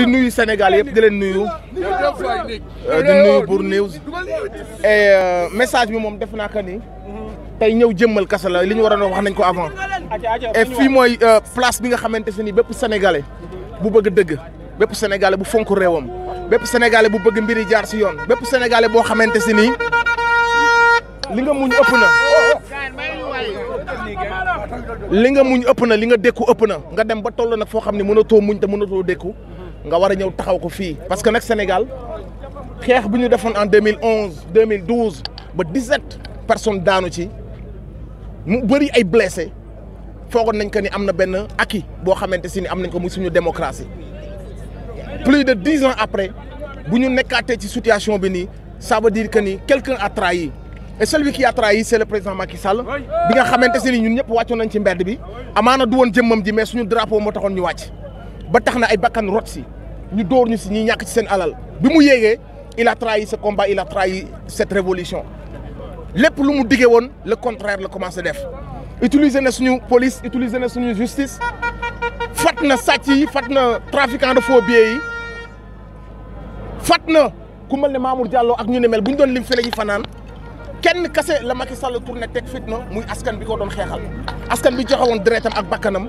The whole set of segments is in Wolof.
di nuyu Sénégal yëpp di leen nuyu euh, di nuyu Bour euh, message bi moom def naa ko ni tey ñëw jëmmal kasa la li a waroon wax nañ ko avant et fii mooy euh, place bi nga xamante ne ni bépp sénégalais bu bëgg dëgg bépp sénégalais bu fonk réewam bépp sénégalais bu bëgg mbiri jaar si yoon bépp sénégalais boo xamante si nii li nga muñ ëpp na li nga muñ ëpp na li nga dékku ëpp na nga dem ba toll nag foo xam ne mënatoo muñ te mënatoo dékku nga war a taxaw ko fi parce que nak Sénégal xex buñu défon en 2011 2012 ba 17 personnes daanu ci mu bari ay blessé fogon nañ ko ni amna ben benn acquis boo xamante si am ko muy suñu démocratie plus de 10 ans après buñu ñu ci situation bi ni ça veut dire que ni quelqu'un a trahi et celui qui a trahi c'est le président Macky Sall bi nga xamante si ñun ñëpp waccu nañ ci mbedd bi amana du won jëmmam ji mais suñu drapeau mo taxone ñu wàcc ba tax ay bakkan rot ñu dóor ñu si ñi ñak ci sen alal bi mu il a trahi ce combat il a trahi cette révolution lepp lu mu diggé won le contraire le commencé def utiliser na suñu police utiliser na suñu justice fatna sati, fatna trafiquant de faux billets yi fat ku mel ne Mamour Diallo ak ñu ne mel buñ doon lim fële yi fanan kenn kasse la Macky Sall tourné tek fitna muy askan bi ko doon xéxal askan bi joxe woon ak bakkanam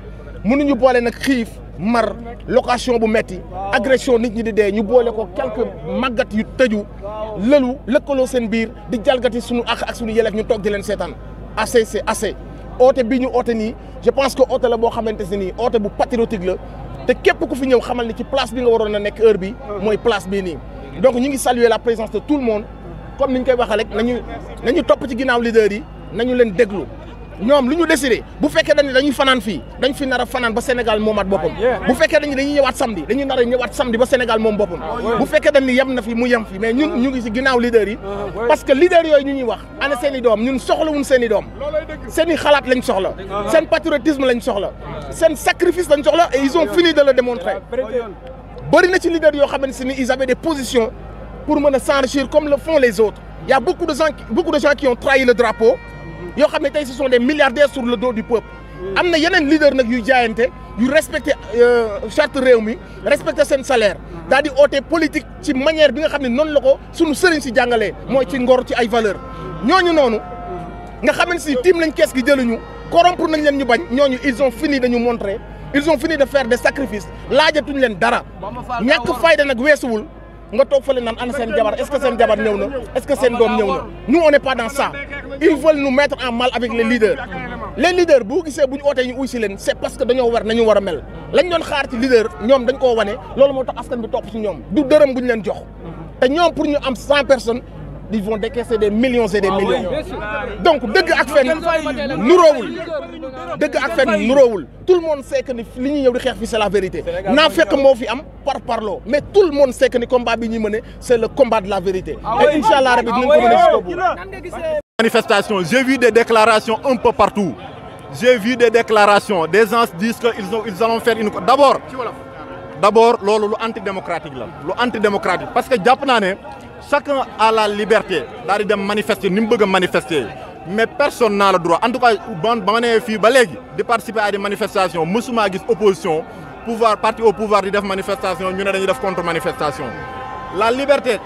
mënuñu boole nag mar location bu metti agression nit ñi di dé ñu bolé ko quelques magat yu tëju le lëkkaloo sen bir di jalgati suñu ak ak suñu yelleef ñu tok di leen sétane assez c'est assez oote bi ñu oote ni je pense que oote la bo xamanteni ne bu patriotique la te képp ku fi ñew xamal ni ci place bi nga warona nek heure bi moy place bi ni donc ñu ngi saluer la présence de tout le monde comme niñ koy waxee rek nañu nañu top ci ginnaaw leader yi nañu leen déglu ñom luñu ñu décidé bu féké dañ dañuy fanane fi dañ fi nara fanane ba Sénégal moomaat bopam bu féké dañ dañuy ñëwaat samedi dañuy nara ñëwaat samedi ba Sénégal mom bopam ah, bu féké dañ ni yem na fi mu yam fi mais ñun ñu ngi ci ginnaaw leader yi ah, parce que leader yoy ñu ñi wax ana seen dom ñun soxla wuñ i dom seen i xalaat lañ soxla ah, seen patriotisme lañ soxla seen sacrifice lañ soxla et ils ont fini de le démontrer bari na ci leader yo xamanteni ils avaient des positions pour mën a s'enrichir comme le font les autres il y a beaucoup de gens beaucoup de gens qui ont trahi le drapeau yoo xam ne tey ce sont des milliardaires sur le dos du peuple. am na yeneen leader nag yuy jaayante yu respecté euh, charte réew mi respecté seen salaire daal di oote politique ci manière bi nga xam ne noonu la ko sunu sëriñ si jàngalee. mooy ci ngor ci ay valeur ñooñu noonu nga xam ne si tiim lañ kees gi jëluñu corrompre nañ leen ñu bañ ñooñu ils ont fini dañu montrer ils ont fini de faire des sacrifices laajatuñ leen dara ñàkk fayda nag weesuwul nga toog fële naan ana seen jabar est-ce que sen jabar ñëw est-ce que sen doom ñewna nous on n'est pas dans ça ils veulent nous mettre en mal avec les leaders les leaders bu gisee bu ñu ootee ñu uy si leen c'est parce que dañu war nañu wara mel lañ doon xaar ci leader ñom dañ ko wané lolu moo tax askan bi topp ci ñom du deureum bu len jox te ñom pour ñu am 100 personnes ils vont décaisser des millions et des ah millions donc dès ak nous nuróowul dëgg ak nous nuróowul tout le monde sait que ni li ñuy c'est la vérité N'a fekk que am par parlo. mais tout le monde sait que le combat bi mené, c'est le combat de la vérité ah et Inch'Allah, nous ah bout manifestation j'ai vu des déclarations un peu partout j'ai vu des déclarations des gens disent qu'ils ils faire une d'abord d'abord c'est antidémocratique C'est antidémocratique parce que jàpp chacun a la liberté de manifester de manifester mais personne n'a le droit en tout cas de participer à des manifestations musulmans opposition pouvoir parti au pouvoir de def manifestation ñu contre manifestation la liberté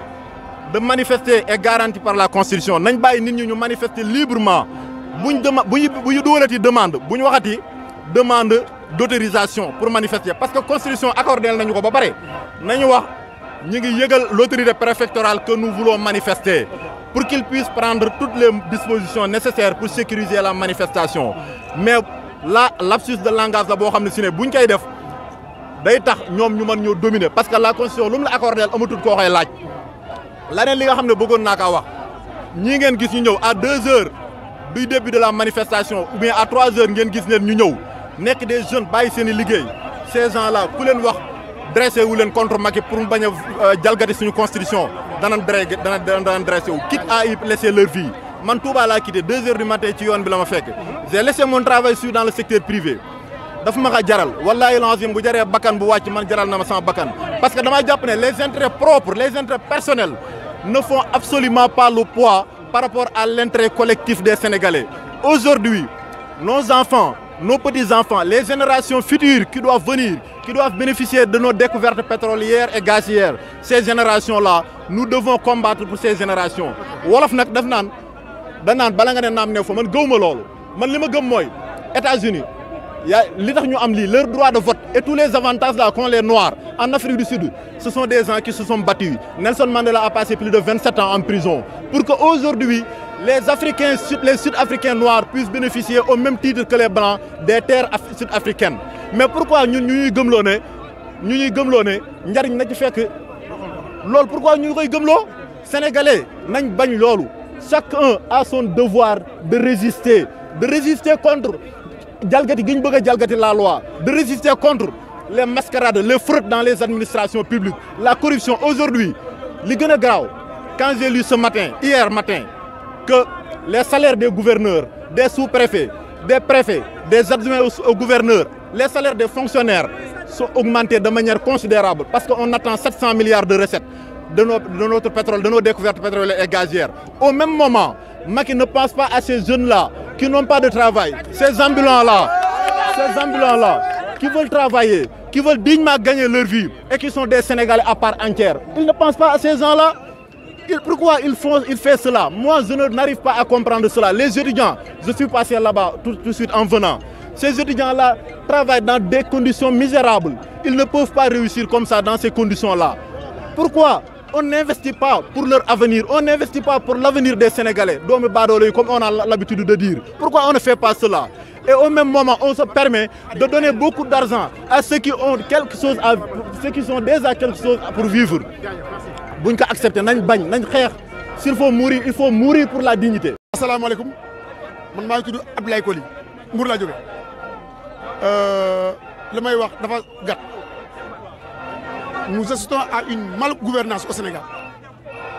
de manifester est garantie par la constitution Nous devons manifester librement Si nous demande d'autorisation pour manifester parce que la constitution accordé accordée, ko ba nous avons l'autorité préfectorale que nous voulons manifester pour qu'il puisse prendre toutes les dispositions nécessaires pour sécuriser la manifestation mais là de langage la que parce que la constitution nous accordé Nous laaj L'année li nga à deux heures du début de la manifestation ou bien à trois heures nous gis des jeunes ces gens là Dresser ou contre Macky pour nous bañ a euh, suñu constitution dans un dana dans dressé ou quitte à y laisser leur vie man Touba laa quitté deux heures du matin ci yoon bi la j'ai laissé mon travail sur dans le secteur privé daf ma jaral wallaahi lazim bu jaree à bu wàcc man jaral sama parce que damaa jàpp japonais les intérêts propres les intérêts personnels ne font absolument pas le poids par rapport à l'intérêt collectif des Sénégalais aujourd'hui nos enfants nos petits-enfants, les générations futures qui doivent venir, qui doivent bénéficier de nos découvertes pétrolières et gazières, ces générations-là, nous devons combattre pour ces générations. Wolof nak def nan nan bala nga nam man Man moy États-Unis li tax ñu am leur droit de vote et tous les avantages qu'ont les noirs en Afrique du Sud. Ce sont des gens qui se sont battus. Nelson Mandela a passé plus de 27 ans en prison pour qu'aujourd'hui, aujourd'hui les Africains, les Sud-Africains noirs puissent bénéficier au même titre que les Blancs des terres sud-africaines. Mais pourquoi nous nous sommes nous ñuy pourquoi koy les sénégalais nañ bañ chacun a son devoir de résister de résister contre la loi de résister contre les mascarades les fraudes dans les administrations publiques la corruption aujourd'hui les plus quand j'ai lu ce matin hier matin que les salaires des gouverneurs, des sous-préfets, des préfets, des adjoints au gouverneur, les salaires des fonctionnaires sont augmentés de manière considérable parce qu'on attend 700 milliards de recettes de, notre pétrole, de nos découvertes pétrolières et gazières. Au même moment, qui ne pense pas à ces jeunes-là qui n'ont pas de travail, ces ambulants-là, ces ambulants-là qui veulent travailler, qui veulent dignement gagner leur vie et qui sont des Sénégalais à part entière. Ils ne pensent pas à ces gens-là pourquoi ils font, ils fait cela Moi, je n'arrive pas à comprendre cela. Les étudiants, je suis passé là-bas tout, de suite en venant. Ces étudiants-là travaillent dans des conditions misérables. Ils ne peuvent pas réussir comme ça dans ces conditions-là. Pourquoi on n'investit pas pour leur avenir, on n'investit pas pour l'avenir des Sénégalais, comme on a l'habitude de dire. Pourquoi on ne fait pas cela Et au même moment, on se permet de donner beaucoup d'argent à ceux qui ont quelque chose à, ceux qui sont déjà quelque chose pour vivre buñ ko accepté nañ bañ nañ s'il faut mourir il faut mourir pour la dignité. Assalamu man maa ngi tudd Abdoulaye Koli Mbour la jóge euh, li may wax dafa nous assistons à une malgouvernance au Sénégal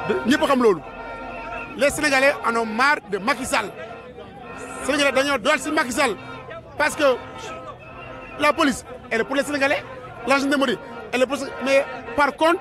pas xam loolu les Sénégalais en ont marre de Macky Sall Sénégalais dañoo doyal de Macky Sall parce que la police elle est pour les Sénégalais la gendarmerie elle est pour mais par contre.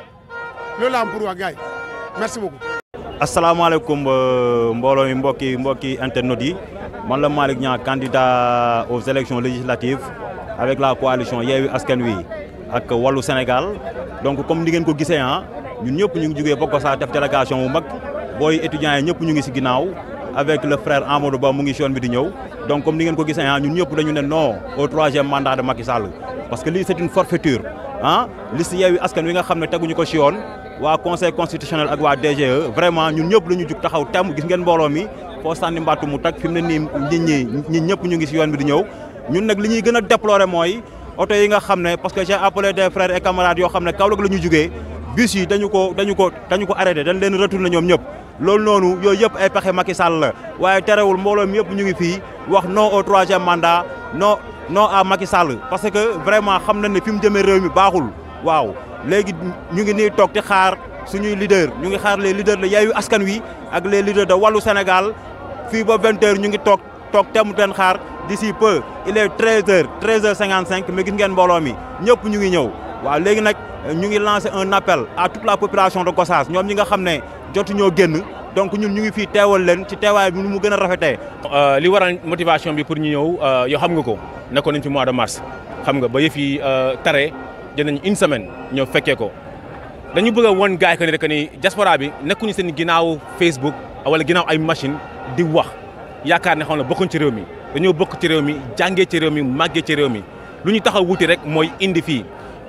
loolu lampour am pour wax gars yi merci beaucoup. asalaamaaleykum euh, mbooloo mi mbokki mbokki internautes yi man la malik Niang candidat aux élections législatives avec la coalition Yewwi Askan Wi ak Wallu Sénégal donc comme ni ngeen ko gisee hein ñun ñëpp ñu ngi joggé bokk sa def délégation bu mag boy étudiant yi ñëpp ñu ngi ci ginnaaw avec le frère Amadou Ba mu donc comme ni ngeen ko nous hein ah, ñun ñëpp non au troisième mandat de Macky Sall parce que c'est une forfaiture L'ici ah. liste yewi Askan Wi nga xamné ne ko conseil constitutionnel ak wa DGE vraiment ñun ñëpp lañu juk taxaw tam gis ngeen mi fo mbattu mu tag ni ñi ñëpp ñu ngi bi déplorer parce que j'ai appelé des frères et camarades yo xamné lañu bus yi dañu ko dañu ko arrêté dañ leen lol noonu yooyu yëpp ay pexé Macky Sall waye téréwul mbolom yep ñu ngi fi wax non au troisième mandat non non à Macky Sall parce que vraiment xam nañ ne fi mu jëmee réew mi baxul waaw légui ñu ngi ni tok di xaar suñuy leader ñu ngi xaar les leaders de Yewwi Askan Wi ak les leaders de walu Sénégal fi ba 20h ñu ngi tok tok temm teen xaar d'ici peu il est 13h 13h55 mais gis ngeen mbolom mi ñëpp ñu ngi ñëw waaw léegi nag ñu ngi lancé un appel à toute la population de Gossas ñoom ñi nga xam ne jotuñoo génn donc ñun ñu ngi fi teewal leen ci teewaay bi nu mu gën a rafetee. Euh, li waral motivation bi pour ñu ñëw euh, yow xam nga ko nekkoon nañ ci mois de mars xam nga ba yëf yi euh, tare jël nañ une semaine ñoo fekkee ko dañu bëgg a won gaay que ni rek ni diaspora bi nekkuñu seen ginnaaw Facebook wala ginnaaw ay machine di wax yaakaar ne xam na bokkuñ ci réew mi dañoo bokk ci réew mi jàngee ci réew mi màggee ci réew mi lu ñu taxaw wuti rek mooy indi fii.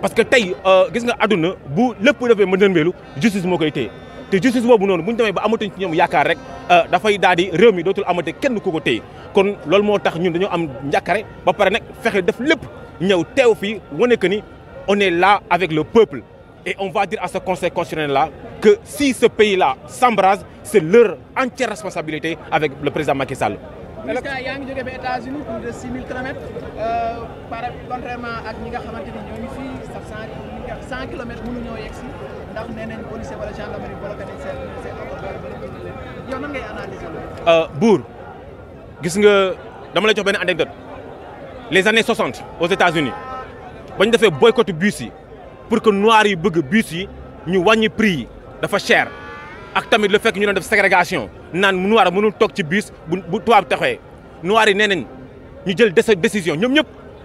parce que tey euh, gis nga aduna bu lépp defee mën nërmeelu justice moo koy téye te justice bobu non buñ ñu ba amatuñ ci ñom yaakaar rek euh da fay daldi réew mi dotul amaté kenn ku ko téye kon lool mo tax ñun dañu am njàkkare ba paré nag fexé def lepp ñew téw fi woné que ni on est là avec le peuple et on va dire à ce conseil constitutionnel là que si ce pays là s'embrase c'est leur entière responsabilité avec le président Macky Sall. Président yaa ngi jógee ba États-Unis pour de 6000 kilomètres euh, par contrairement ak ñi nga xamante ni ñoo ngi cent kilomètres Buur euh, gis nga dama lay jox benn anecdote les années 60 aux États-Unis ba ñu defee boycott bus yi pour que noirs yi bëgg bus yi ñu wàññi prix yi dafa cher ak tamit le fekk ñu doon def ségrégation naan noir mënul toog ci bus bu bu tubaab taxawee noirs yi nee nañ ñu jël décision ñoom ñëpp.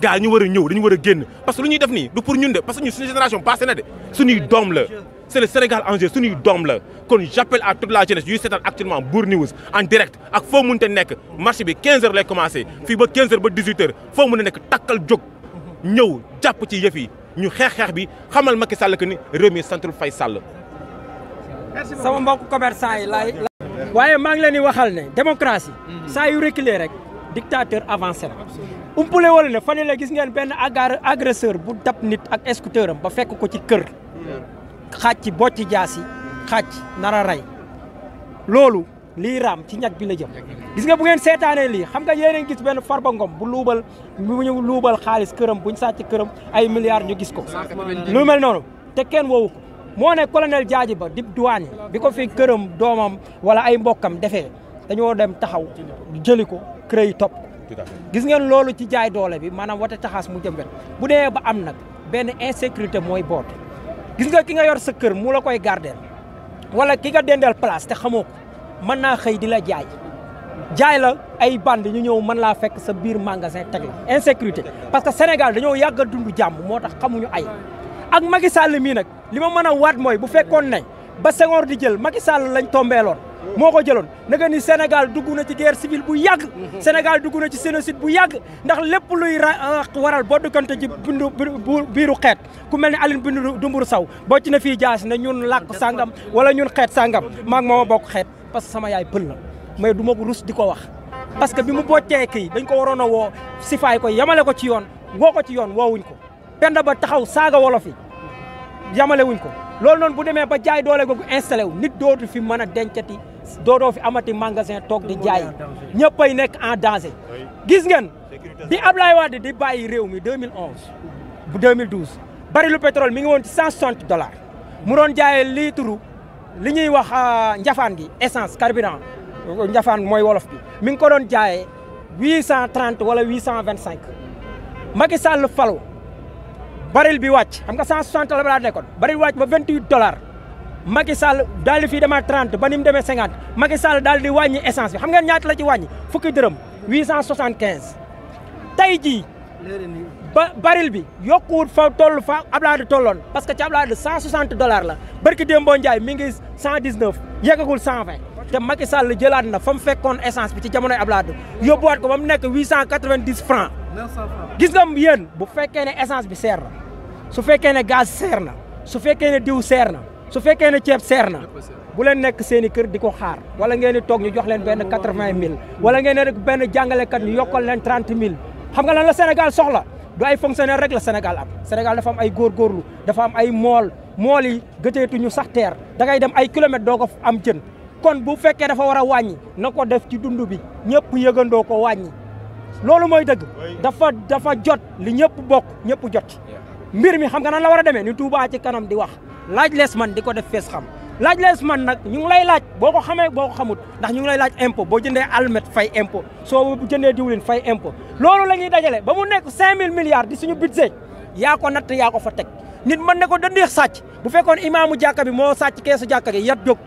gars ñu wara ñëw dañu wara a génn parce que lu ñuy def nii du pour ñun de parce que ñun suñu génération passé na de suñuy doom la c'est le Sénégal en jeu suñuy doom la kon j'appelle à toute la jeunesse yuy seetaan actuellement Bour News en direct ak foo mënte nekk marché bi 15 h lay commencé fii ba 15 h ba 18 h foo mën a nekk takkal jóg ñëw jàpp ci yëf yi ñu xeex-xeex bi xamal Macky Sall que ni réew mi santul Faye Sall sama mbokk commerçant yi laay waaye maa ngi leen di waxal ne démocratie mm-hmm. saa yu reculer rek dictateur avancé na umpule wala ne fan la gis ngeen benn agar agresseur bu dab nit ak scooter am ba fekk ko ci kër xaaj ci bocc jaasi xaaj nar a rey loolu lii raam ci ñag bi la jëm gis nga bu ngeen seetaanee lii xam nga yéen gis benn Farba Ngom bu luubal bu ñu xaalis këram buñ ñu sàcc këram ay milliards ñu gis ko lu mel noonu te kenn woowu moo ne colonel Diadji Ba dib douane bi ko fi këram doomam wala ay mbokkam defee dañoo dem taxaw jëli ko CREI topp ko gis ngeen loolu ci jaay doole bi maanaam wate taxaas mu jëm wet bu demee ba am nag benn insécurité mooy boot gis nga ki nga yor sa kër mu la koy gardeel wala ki nga dendeel place te xamoo ko mën naa xëy di la jaay jaay la ay band ñu ñëw man laa fekk sa biir magasin teg la insécurité parce que Sénégal dañoo yàgg a dund jàmm moo tax xamuñu ay ak Macky Sall mii nag li ma mën a waat mooy bu fekkoon nañ ba Senghor di jël Macky Sall lañ tombeeloon moo ko jëloon naka ni Sénégal dugg na ci geer civile bu yàgg. Mhm. Sénégal dugg na ci génocide bu yàgg ndax lépp luy euh, waral boddukante ci bindu biiru xeet ku mel ne Aline Bintou Dembourou Sow bocc na fii jaas ne ñun làkk sangam wala ñun xeet sangam maa ngi moo bokk xeet parce que sama yaay pël la mais du ma ko rus di ko wax. parce que bi mu boccee kii dañ ko waroon a woo sifaay ko yamale ko ci yoon woo ko ci yoon woowuñ ko penda ba taxaw saaga wolof yi yamale wuñ ko loolu noon bu demee ba jaay doole googu installé wu nit dootu fi mën a dencati. doro fi amati magasin tok di jaay ñeppay nek en danger gis ngeen bi Ablaye Wade di bàyyi réew mi 2011 bu 2012 bari lu pétrole mi ngi won ci 160 dollars mu ron jaay litre li ñuy wax euh, njafaan gi essence carburant euh, njafaan moy wolof bi mi ngi ko don jaay 830 wala 825 Macky Sall fallo baril bi wacc xam nga 160 la balaa baril wacc ba 28 dollars Macky Sall daal di fii 30 banim ni 50 Macky Sall daal di wàññi essence bi xam ngeen ñaat la ci wàññi fukki deureum 875 tay ji ba baril bi yokkuwut fa toll fa Ablaye tollone parce que ci Ablaye 160 dollars la barki Dembo Ndiaye mi ngi 119 yegagul 120 te Macky Sall jëlaat na fam mu essence bi ci jamonoy Ablaye yóbbuwaat ko bam nek 890 francs 900 francs gis nga yeen bu fekkene essence bi seer su fekkene gaz seer na su fekkene ne diw seer na su fekke ne ciep serna bu len nek seen keur diko xaar wala ngeen ni tok ñu jox len ben 80000 wala ngeen ne ben jangale kat ñu yokal len 30000 xam nga lan la senegal soxla do ay fonctionnaire rek la senegal am senegal dafa am ay gorlu dafa am ay mol mol yi ñu sax teer da ngay dem ay kilomètre doo am jeun kon bu fekke dafa wara wañi nako def ci dundu bi ñepp yëgandoo ko wañi lolu moy deug dafa dafa jot li ñepp bok ñepp jot mbir mi xam nga nan la wara deme ni Touba ci kanam di wax laaj lees man di ko def fees xam laaj lees man nag ñu ngi lay laaj boo ko xamee boo ko xamut ndax ñu ngi lay laaj impôt boo jëndee almet fay impôt soo jëndee diwlin fay impôt loolu la ñuy dajale ba mu nekk 5000 milliards di suñu budget yaa ko natt yaa ko fa teg nit mën na ko dandeex sàcc bu fekkoon imaamu jàkka bi moo sàcc keesu jàkka gi yat jóg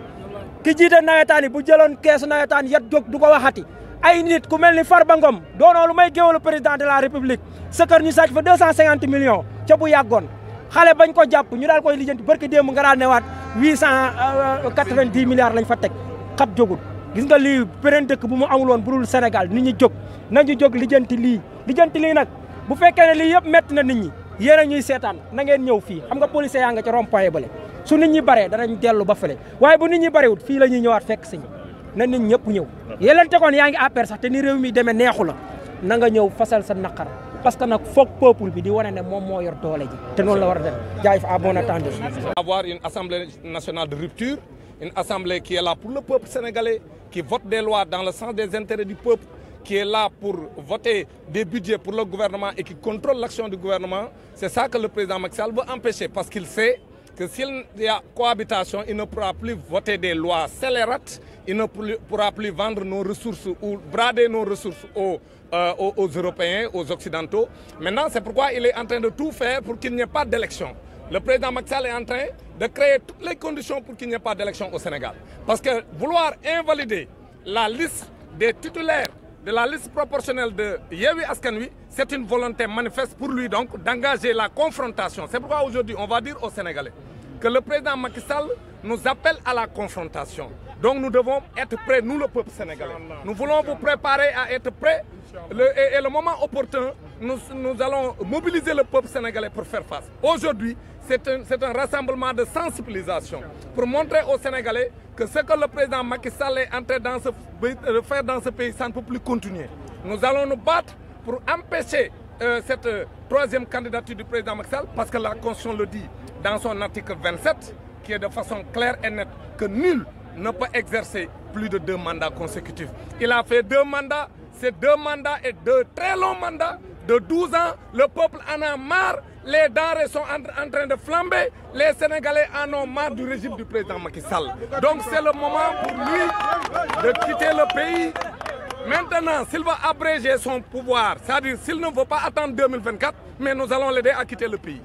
ki jiite nawetaan bu jëloon keesu nawetaan yat jóg du ko waxati ay nit ku mel ni Farba Ngom doonoo lu may géwalu président de la république sa kër ñu sàcc fa 250 millions ca bu yàggoon xale bañ ko jàpp ñu daal koy lijjanti barki démb nga daal newaat huit cent euh, quatre-vingt-dix milliards lañ fa teg xab jógul gis nga lii beneen dëkk bu mu amul bu dul Sénégal nit ñi jóg nañu jóg lijjanti lii lijjanti lii nag bu fekkee ne lii yëpp métti na nit ñi yéen ñuy seetaan na ngeen ñëw fii xam nga policier yaa nga ca rond-point bale su nit ñi baree danañ dellu ba fële waaye bu nit ñi barewut fii la ñuy ñëwaat fekk si ñu na nit ñëpp ñëw yelente koon yaa ngi APR sax te ni réew mi demee neexu la na nga ñëw fasal sa naqar parce que nous peuple bi di que un yor avoir une assemblée nationale de rupture une assemblée qui est là pour le peuple sénégalais qui vote des lois dans le sens des intérêts du peuple qui est là pour voter des budgets pour le gouvernement et qui contrôle l'action du gouvernement c'est ça que le président Macky Sall veut empêcher parce qu'il sait que s'il y a cohabitation, il ne pourra plus voter des lois scélérates, il ne pourra plus vendre nos ressources ou brader nos ressources euh, aux, Européens, aux Occidentaux. Maintenant, c'est pourquoi il est en train de tout faire pour qu'il n'y ait pas d'élection. Le président Macky est en train de créer toutes les conditions pour qu'il n'y ait pas d'élection au Sénégal. Parce que vouloir invalider la liste des titulaires de la liste proportionnelle de Yewi Askanwi, c'est une volonté manifeste pour lui donc d'engager la confrontation. C'est pourquoi aujourd'hui on va dire aux Sénégalais, que le président Macky Sall nous appelle à la confrontation. Donc nous devons être prêts, nous le peuple sénégalais. Nous voulons vous préparer à être prêts. et, le moment opportun, nous, nous, allons mobiliser le peuple sénégalais pour faire face. Aujourd'hui, c'est un, rassemblement de sensibilisation pour montrer aux Sénégalais que ce que le président Macky Sall est en train de faire dans ce pays, ça ne peut plus continuer. Nous allons nous battre pour empêcher euh, cette troisième candidature du président Macky Sall parce que la Constitution le dit dans son article 27 qui est de façon claire et nette que nul ne peut exercer plus de deux mandats consécutifs. Il a fait deux mandats, ces deux mandats et deux très longs mandats de 12 ans. Le peuple en a marre, les denrées sont en, en, train de flamber, les Sénégalais en ont marre du régime du président Macky Sall. Donc c'est le moment pour lui de quitter le pays Maintenant, s'il veut abréger son pouvoir, c'est-à-dire s'il ne veut pas attendre 2024, mais nous allons l'aider à quitter le pays.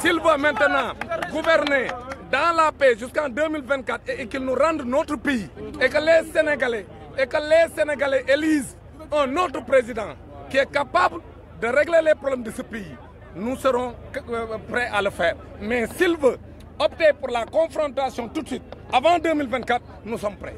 S'il veut maintenant gouverner dans la paix jusqu'en 2024 et, qu'il nous rende notre pays, et que les Sénégalais, et que les Sénégalais élisent un autre président qui est capable de régler les problèmes de ce pays, nous serons euh, euh, prêts à le faire. Mais s'il veut opter pour la confrontation tout de suite, avant 2024, Nous sommes prêts.